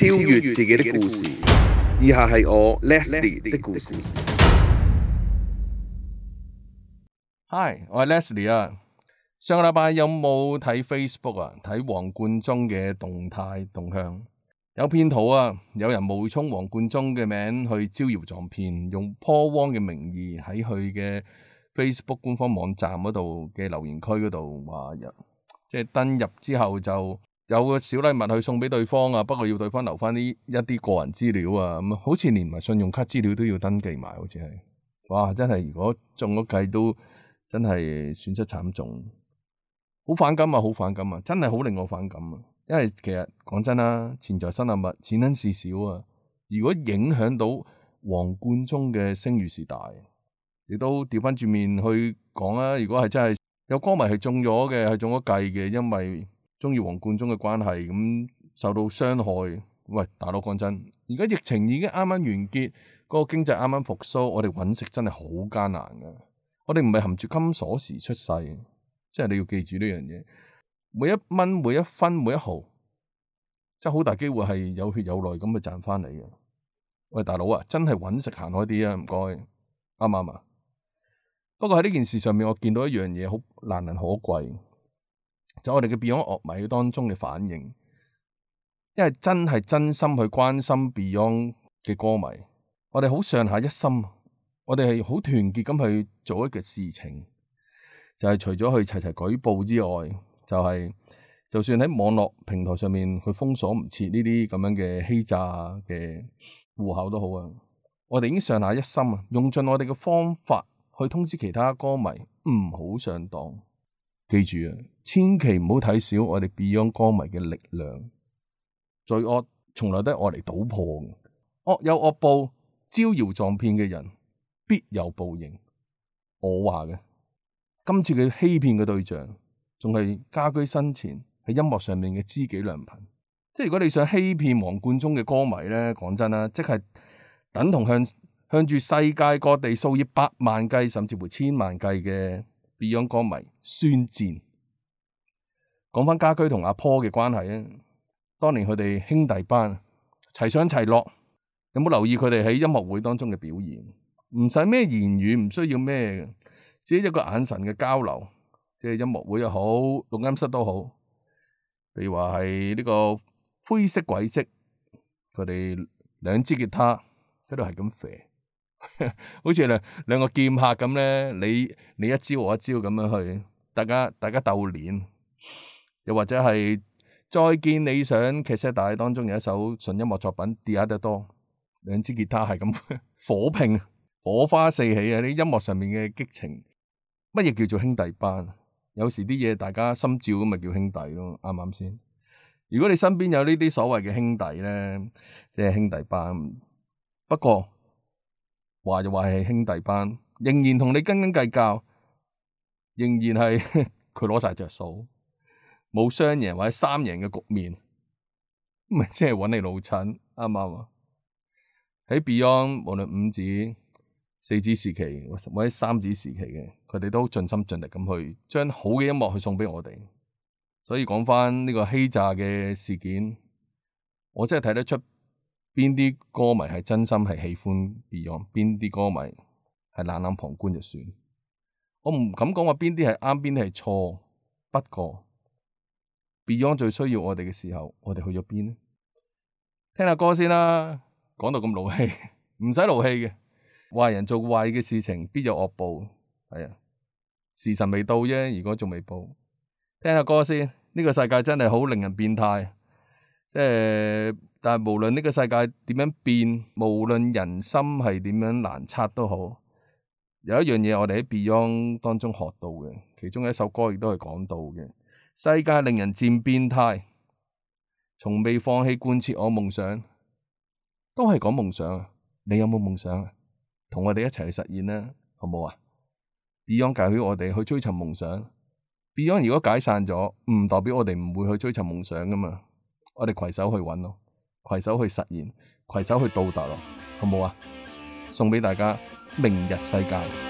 超越自己的故事。以下係我 Leslie 的故事。Hi，我係 Leslie 啊。上個禮拜有冇睇 Facebook 啊？睇黃冠中嘅動態動向，有篇圖啊，有人冒充黃冠中嘅名去招搖撞騙，用 Paul Wong 嘅名義喺佢嘅 Facebook 官方網站嗰度嘅留言區嗰度話，即、就、係、是、登入之後就。有個小禮物去送畀對方啊，不過要對方留翻啲一啲個人資料啊，咁、嗯、好似連埋信用卡資料都要登記埋，好似係，哇！真係如果中咗計都真係損失慘重，好反感啊，好反感啊，真係好令我反感啊，因為其實講真啦，錢財身外物，錢銀事少啊，如果影響到黃貫中嘅聲譽事大，你都調翻轉面去講啊，如果係真係有歌迷係中咗嘅，係中咗計嘅，因為。中意黃貫中嘅關係咁受到傷害，喂，大佬講真，而家疫情已經啱啱完結，個經濟啱啱復甦，我哋揾食真係好艱難㗎。我哋唔係含住金鎖匙出世，即係你要記住呢樣嘢，每一蚊每一分每一毫，即係好大機會係有血有淚咁去賺翻嚟嘅。喂大佬啊，真係揾食行開啲啊，唔該吧，啱唔啱啊？不過喺呢件事上面，我見到一樣嘢好難能可貴。就我哋嘅 Beyond 樂迷當中嘅反應，因為真係真心去關心 Beyond 嘅歌迷，我哋好上下一心，我哋係好團結咁去做一件事情，就係、是、除咗去齊齊舉報之外，就係、是、就算喺網絡平台上面去封鎖唔切呢啲咁樣嘅欺詐嘅戶口都好啊，我哋已經上下一心啊，用盡我哋嘅方法去通知其他歌迷唔好上當。記住啊，千祈唔好睇小我哋 Beyond 歌迷嘅力量。罪惡從來都係惡嚟倒破嘅，惡有惡報，招搖撞騙嘅人必有報應。我話嘅今次佢欺騙嘅對象，仲係家駒生前喺音樂上面嘅知己良朋。即係如果你想欺騙黃貫中嘅歌迷咧，講真啦，即係等同向向住世界各地數以百萬計甚至乎千萬計嘅 Beyond 歌迷宣戰，講翻家駒同阿 Paul 嘅關係啊！當年佢哋兄弟班齊上齊落，有冇留意佢哋喺音樂會當中嘅表現？唔使咩言語，唔需要咩嘅，只係一個眼神嘅交流，即係音樂會又好，錄音室都好。譬如話係呢個灰色軌跡，佢哋兩支吉他喺度係咁射。 好似兩兩個劍客咁呢，你你一招我一招咁樣去，大家大家鬥臉，又或者係再見理想，其實大碟當中有一首純音樂作品跌下得多，兩支吉他係咁火拼，火花四起啊！啲音樂上面嘅激情，乜嘢叫做兄弟班？有時啲嘢大家心照咁咪叫兄弟咯，啱唔啱先？如果你身邊有呢啲所謂嘅兄弟呢，即係兄弟班，不過。話就話係兄弟班，仍然同你斤斤計較，仍然係佢攞晒着數，冇雙贏或者三贏嘅局面，咪即係搵你老襯啱唔啱啊？喺 Beyond 無論五子、四子時期或者三子時期嘅，佢哋都盡心盡力咁去將好嘅音樂去送俾我哋，所以講翻呢個欺詐嘅事件，我真係睇得出。邊啲歌迷係真心係喜歡 Beyond，邊啲歌迷係冷冷旁觀就算。我唔敢講話邊啲係啱，邊啲係錯。不過 Beyond 最需要我哋嘅時候，我哋去咗邊呢？聽下歌先啦。講到咁勞氣，唔使勞氣嘅。壞人做壞嘅事情，必有惡報。係啊，時辰未到啫，如果仲未報，聽下歌先。呢個世界真係好令人變態。即係、呃，但係無論呢個世界點樣變，無論人心係點樣難測都好，有一樣嘢我哋喺 Beyond 當中學到嘅，其中一首歌亦都係講到嘅。世界令人漸變態，從未放棄貫徹我夢想，都係講夢想。你有冇夢想？同我哋一齊去實現啦，好唔好啊？Beyond 教會我哋去追尋夢想。Beyond 如果解散咗，唔代表我哋唔會去追尋夢想噶嘛。我哋攜手去揾咯，攜手去實現，攜手去到達咯，好冇啊？送畀大家明日世界。